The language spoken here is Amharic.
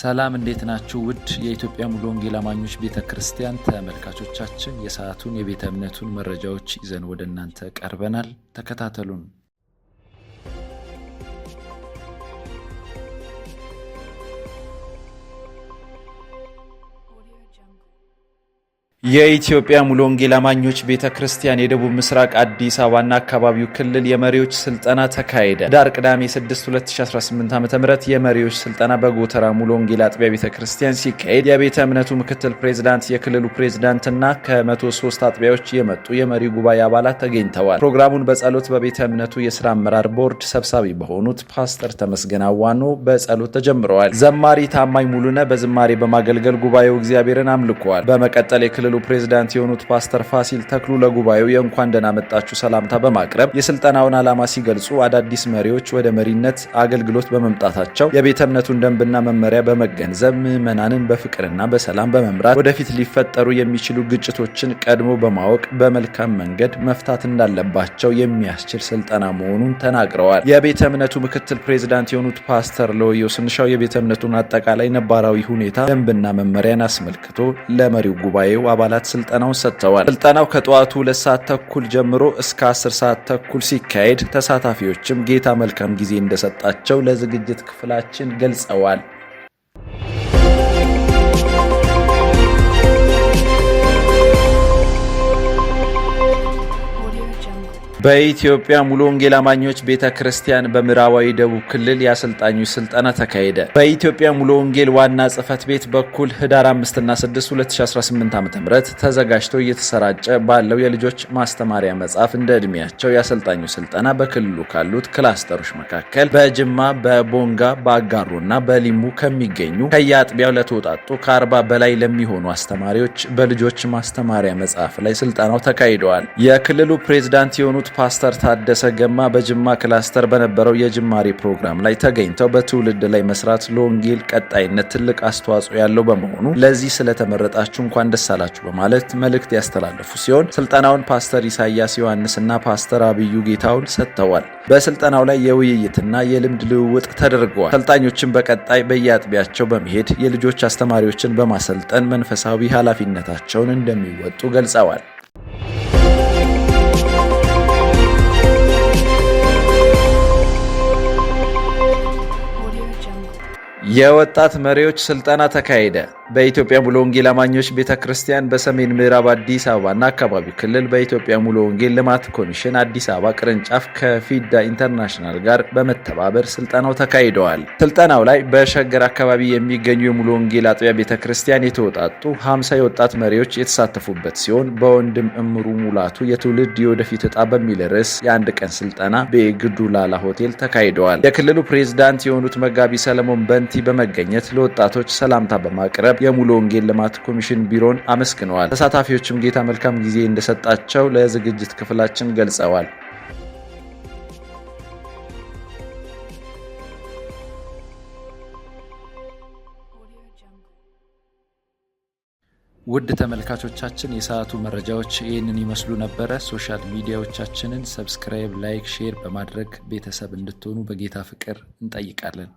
ሰላም እንዴት ናችሁ? ውድ የኢትዮጵያ ሙሉ ወንጌል አማኞች ቤተ ክርስቲያን ተመልካቾቻችን የሰዓቱን የቤተ እምነቱን መረጃዎች ይዘን ወደ እናንተ ቀርበናል። ተከታተሉን። የኢትዮጵያ ሙሉ ወንጌል አማኞች ቤተ ክርስቲያን የደቡብ ምስራቅ አዲስ አበባና አካባቢው ክልል የመሪዎች ስልጠና ተካሄደ። ዳር ቅዳሜ 6 2018 ዓ ም የመሪዎች ስልጠና በጎተራ ሙሉ ወንጌል አጥቢያ ቤተ ክርስቲያን ሲካሄድ የቤተ እምነቱ ምክትል ፕሬዝዳንት፣ የክልሉ ፕሬዝዳንትና ከ103 አጥቢያዎች የመጡ የመሪ ጉባኤ አባላት ተገኝተዋል። ፕሮግራሙን በጸሎት በቤተ እምነቱ የስራ አመራር ቦርድ ሰብሳቢ በሆኑት ፓስተር ተመስገን አዋኖ በጸሎት ተጀምረዋል። ዘማሪ ታማኝ ሙሉነ በዝማሬ በማገልገል ጉባኤው እግዚአብሔርን አምልኳል። በመቀጠል የክልሉ ማዕከሉ ፕሬዝዳንት የሆኑት ፓስተር ፋሲል ተክሉ ለጉባኤው የእንኳን ደህና መጣችሁ ሰላምታ በማቅረብ የስልጠናውን ዓላማ ሲገልጹ አዳዲስ መሪዎች ወደ መሪነት አገልግሎት በመምጣታቸው የቤተ እምነቱን ደንብና መመሪያ በመገንዘብ ምዕመናንን በፍቅርና በሰላም በመምራት ወደፊት ሊፈጠሩ የሚችሉ ግጭቶችን ቀድሞ በማወቅ በመልካም መንገድ መፍታት እንዳለባቸው የሚያስችል ስልጠና መሆኑን ተናግረዋል። የቤተ እምነቱ ምክትል ፕሬዝዳንት የሆኑት ፓስተር ለወየው ስንሻው የቤተ እምነቱን አጠቃላይ ነባራዊ ሁኔታ ደንብና መመሪያን አስመልክቶ ለመሪው ጉባኤው አባ አባላት ስልጠናውን ሰጥተዋል። ስልጠናው ከጠዋቱ ሁለት ሰዓት ተኩል ጀምሮ እስከ አስር ሰዓት ተኩል ሲካሄድ ተሳታፊዎችም ጌታ መልካም ጊዜ እንደሰጣቸው ለዝግጅት ክፍላችን ገልጸዋል። በኢትዮጵያ ሙሉ ወንጌል አማኞች ቤተ ክርስቲያን በምዕራባዊ ደቡብ ክልል የአሰልጣኞች ስልጠና ተካሄደ። በኢትዮጵያ ሙሉ ወንጌል ዋና ጽህፈት ቤት በኩል ህዳር 5ና 6 2018 ዓ ም ተዘጋጅቶ እየተሰራጨ ባለው የልጆች ማስተማሪያ መጽሐፍ እንደ ዕድሜያቸው የአሰልጣኞች ስልጠና በክልሉ ካሉት ክላስተሮች መካከል በጅማ፣ በቦንጋ፣ በአጋሮ እና በሊሙ ከሚገኙ ከየአጥቢያው ለተውጣጡ ከ40 በላይ ለሚሆኑ አስተማሪዎች በልጆች ማስተማሪያ መጽሐፍ ላይ ስልጠናው ተካሂደዋል። የክልሉ ፕሬዝዳንት የሆኑት የነበሩት ፓስተር ታደሰ ገማ በጅማ ክላስተር በነበረው የጅማሬ ፕሮግራም ላይ ተገኝተው በትውልድ ላይ መስራት ለወንጌል ቀጣይነት ትልቅ አስተዋጽኦ ያለው በመሆኑ ለዚህ ስለተመረጣችሁ እንኳን ደስ አላችሁ በማለት መልእክት ያስተላለፉ ሲሆን ስልጠናውን ፓስተር ኢሳያስ ዮሐንስና ፓስተር አብዩ ጌታውን ሰጥተዋል። በስልጠናው ላይ የውይይትና የልምድ ልውውጥ ተደርገዋል። ሰልጣኞችን በቀጣይ በየአጥቢያቸው በመሄድ የልጆች አስተማሪዎችን በማሰልጠን መንፈሳዊ ኃላፊነታቸውን እንደሚወጡ ገልጸዋል። የወጣት መሪዎች ስልጠና ተካሄደ። በኢትዮጵያ ሙሉ ወንጌል አማኞች ቤተ ክርስቲያን በሰሜን ምዕራብ አዲስ አበባና አካባቢው ክልል በኢትዮጵያ ሙሉ ወንጌል ልማት ኮሚሽን አዲስ አበባ ቅርንጫፍ ከፊዳ ኢንተርናሽናል ጋር በመተባበር ስልጠናው ተካሂደዋል። ስልጠናው ላይ በሸገር አካባቢ የሚገኙ የሙሉ ወንጌል አጥቢያ ቤተ ክርስቲያን የተወጣጡ 50 የወጣት መሪዎች የተሳተፉበት ሲሆን በወንድም እምሩ ሙላቱ የትውልድ የወደፊት እጣ በሚል ርዕስ የአንድ ቀን ስልጠና በግዱላላ ሆቴል ተካሂደዋል። የክልሉ ፕሬዝዳንት የሆኑት መጋቢ ሰለሞን በንቲ በመገኘት ለወጣቶች ሰላምታ በማቅረብ የሙሉ ወንጌል ልማት ኮሚሽን ቢሮን አመስግነዋል። ተሳታፊዎችም ጌታ መልካም ጊዜ እንደሰጣቸው ለዝግጅት ክፍላችን ገልጸዋል። ውድ ተመልካቾቻችን የሰዓቱ መረጃዎች ይህንን ይመስሉ ነበረ። ሶሻል ሚዲያዎቻችንን ሰብስክራይብ፣ ላይክ፣ ሼር በማድረግ ቤተሰብ እንድትሆኑ በጌታ ፍቅር እንጠይቃለን።